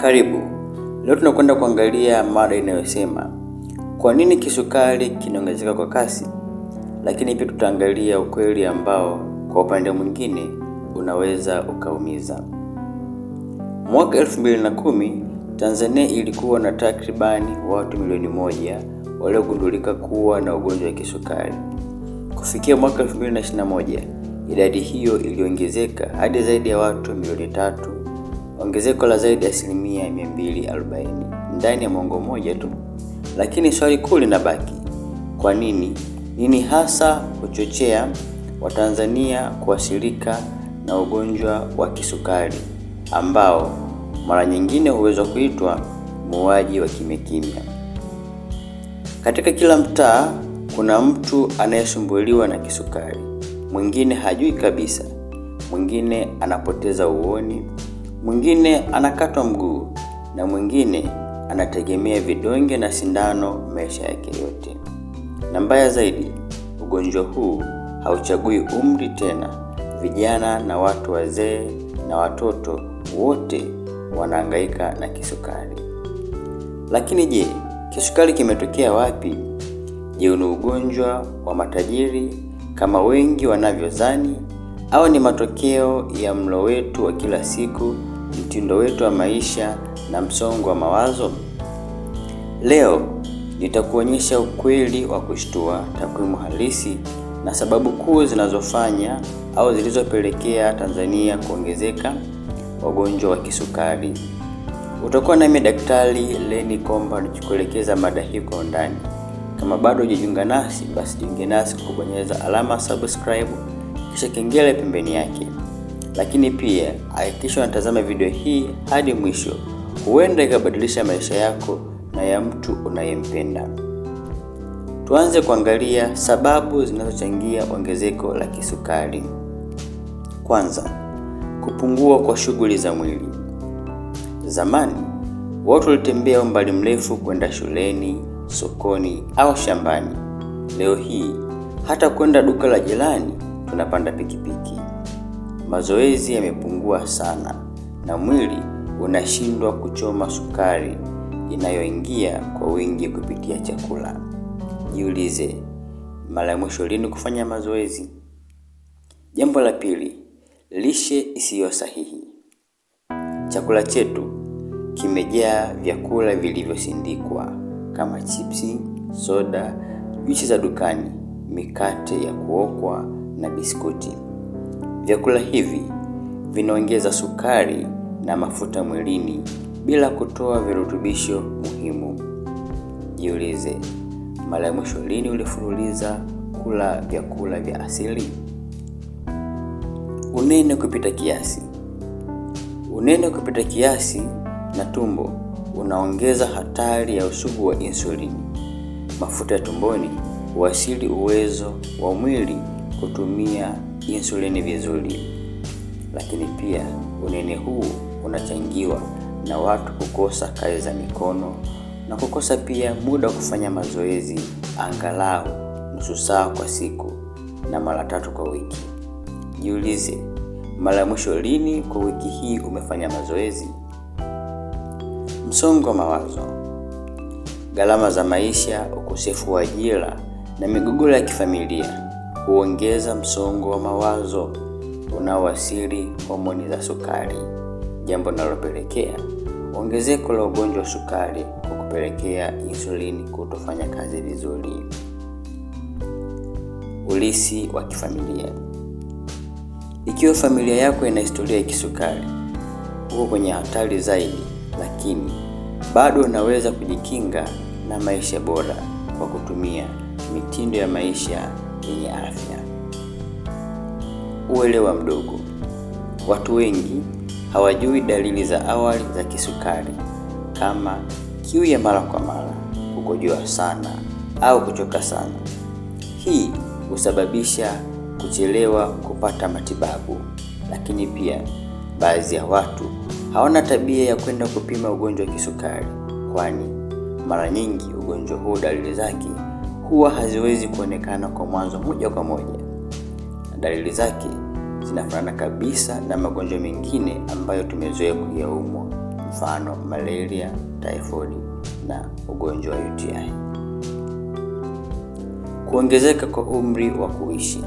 Karibu. Leo tunakwenda kuangalia mada inayosema kwa nini kisukari kinaongezeka kwa kasi, lakini pia tutaangalia ukweli ambao kwa upande mwingine unaweza ukaumiza. Mwaka 2010 Tanzania ilikuwa na takribani watu milioni moja waliogundulika kuwa na ugonjwa wa kisukari. Kufikia mwaka 2021 idadi hiyo iliongezeka hadi zaidi ya watu milioni tatu ongezeko la zaidi ya asilimia 240 ndani ya mwongo mmoja tu. Lakini swali kuu linabaki, kwa nini? Nini hasa huchochea Watanzania kuathirika na ugonjwa wa kisukari ambao mara nyingine huweza kuitwa muuaji wa kimya kimya? Katika kila mtaa kuna mtu anayesumbuliwa na kisukari, mwingine hajui kabisa, mwingine anapoteza uoni mwingine anakatwa mguu na mwingine anategemea vidonge na sindano maisha yake yote. Na mbaya zaidi, ugonjwa huu hauchagui umri tena. Vijana na watu wazee na watoto wote wanaangaika na kisukari. Lakini je, kisukari kimetokea wapi? Je, ni ugonjwa wa matajiri kama wengi wanavyozani au ni matokeo ya mlo wetu wa kila siku? mtindo wetu wa maisha na msongo wa mawazo? Leo nitakuonyesha ukweli wa kushtua, takwimu halisi na sababu kuu zinazofanya au zilizopelekea Tanzania kuongezeka wagonjwa wa kisukari. Utakuwa nami Daktari Lenny Komba nikikuelekeza mada hii kwa undani. Kama bado hujajiunga nasi, basi jiunge nasi kubonyeza alama subscribe kisha kengele pembeni yake lakini pia hakikisha unatazama video hii hadi mwisho, huenda ikabadilisha maisha yako na ya mtu unayempenda. Tuanze kuangalia sababu zinazochangia ongezeko la kisukari. Kwanza, kupungua kwa shughuli za mwili. Zamani watu walitembea umbali mrefu kwenda shuleni, sokoni au shambani. Leo hii hata kwenda duka la jirani tunapanda pikipiki mazoezi yamepungua sana na mwili unashindwa kuchoma sukari inayoingia kwa wingi kupitia chakula. Jiulize, mara ya mwisho lini kufanya mazoezi? Jambo la pili, lishe isiyo sahihi. Chakula chetu kimejaa vyakula vilivyosindikwa kama chipsi, soda, juisi za dukani, mikate ya kuokwa na biskuti. Vyakula hivi vinaongeza sukari na mafuta mwilini bila kutoa virutubisho muhimu. Jiulize, mara ya mwisho lini ulifululiza kula vyakula vya asili? Unene kupita kiasi. Unene kupita kiasi na tumbo unaongeza hatari ya usugu wa insulini. Mafuta ya tumboni huasili uwezo wa mwili kutumia kiinsulini vizuri, lakini pia unene huu unachangiwa na watu kukosa kazi za mikono na kukosa pia muda wa kufanya mazoezi angalau nusu saa kwa siku na mara tatu kwa wiki. Jiulize, mara ya mwisho lini kwa wiki hii umefanya mazoezi? Msongo wa mawazo, gharama za maisha, ukosefu wa ajira na migogoro ya kifamilia huongeza msongo wa mawazo unaowasiri homoni za sukari, jambo linalopelekea ongezeko la ugonjwa wa sukari kwa kupelekea insulini kutofanya kazi vizuri. Ulisi wa kifamilia. Ikiwa familia yako ina historia ya kisukari, uko kwenye hatari zaidi, lakini bado unaweza kujikinga na maisha bora kwa kutumia mitindo ya maisha yenye afya. Uelewa mdogo. Watu wengi hawajui dalili za awali za kisukari kama kiu ya mara kwa mara, kukojoa sana au kuchoka sana. Hii husababisha kuchelewa kupata matibabu, lakini pia baadhi ya watu hawana tabia ya kwenda kupima ugonjwa wa kisukari, kwani mara nyingi ugonjwa huo dalili zake huwa haziwezi kuonekana kwa mwanzo moja kwa moja, na dalili zake zinafanana kabisa na magonjwa mengine ambayo tumezoea kuyaumwa, mfano malaria, typhoid na ugonjwa wa UTI. Kuongezeka kwa umri wa kuishi.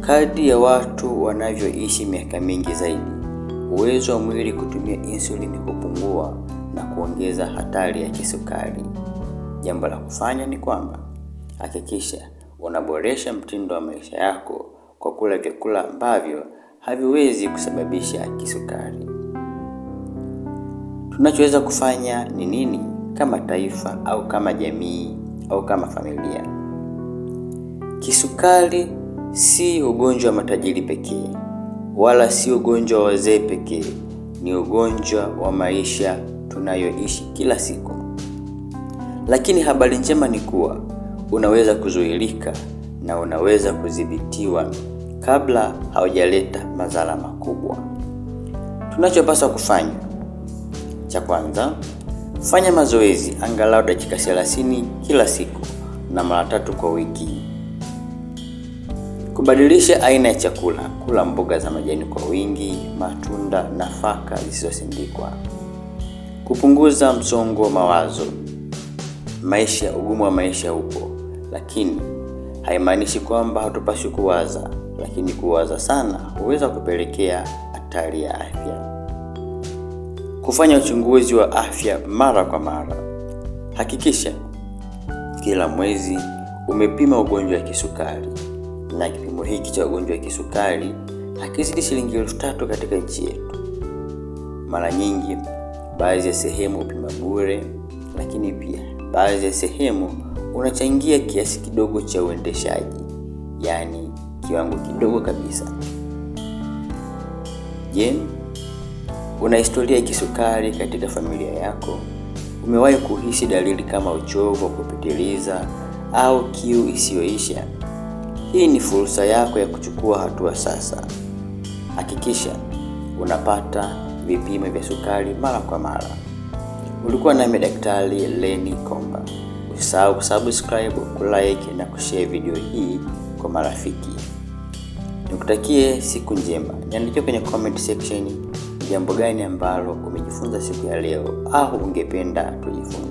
Kadri ya watu wanavyoishi miaka mingi zaidi, uwezo wa mwili kutumia insulini kupungua na kuongeza hatari ya kisukari. Jambo la kufanya ni kwamba hakikisha unaboresha mtindo wa maisha yako kwa kula vyakula ambavyo haviwezi kusababisha kisukari. Tunachoweza kufanya ni nini kama taifa au kama jamii au kama familia? Kisukari si ugonjwa wa matajiri pekee, wala si ugonjwa wa wazee pekee. Ni ugonjwa wa maisha tunayoishi kila siku. Lakini habari njema ni kuwa unaweza kuzuilika na unaweza kudhibitiwa kabla haujaleta madhara makubwa. Tunachopaswa kufanya, cha kwanza, fanya mazoezi angalau dakika 30 kila siku na mara tatu kwa wiki. Kubadilisha aina ya chakula: kula mboga za majani kwa wingi, matunda, nafaka zisizosindikwa. Kupunguza msongo wa mawazo: Maisha, ugumu wa maisha upo, lakini haimaanishi kwamba hatupaswi kuwaza, lakini kuwaza sana huweza kupelekea hatari ya afya. Kufanya uchunguzi wa afya mara kwa mara. Hakikisha kila mwezi umepima ugonjwa wa kisukari, na kipimo hiki cha ugonjwa wa kisukari hakizidi shilingi elfu tatu katika nchi yetu. Mara nyingi baadhi ya sehemu hupima bure, lakini pia baadhi ya sehemu unachangia kiasi kidogo cha uendeshaji, yaani kiwango kidogo kabisa. Je, una historia ya kisukari katika familia yako? Umewahi kuhisi dalili kama uchovu wa kupitiliza au kiu isiyoisha? Hii ni fursa yako ya kuchukua hatua sasa. Hakikisha unapata vipimo vya sukari mara kwa mara. Ulikuwa nami Daktari Lenny Komba. Usisahau kusubscribe, kulike na kushare video hii kwa marafiki. Nikutakie siku njema. Niandikie kwenye comment section jambo gani ambalo umejifunza siku ya leo au ungependa tujifunze.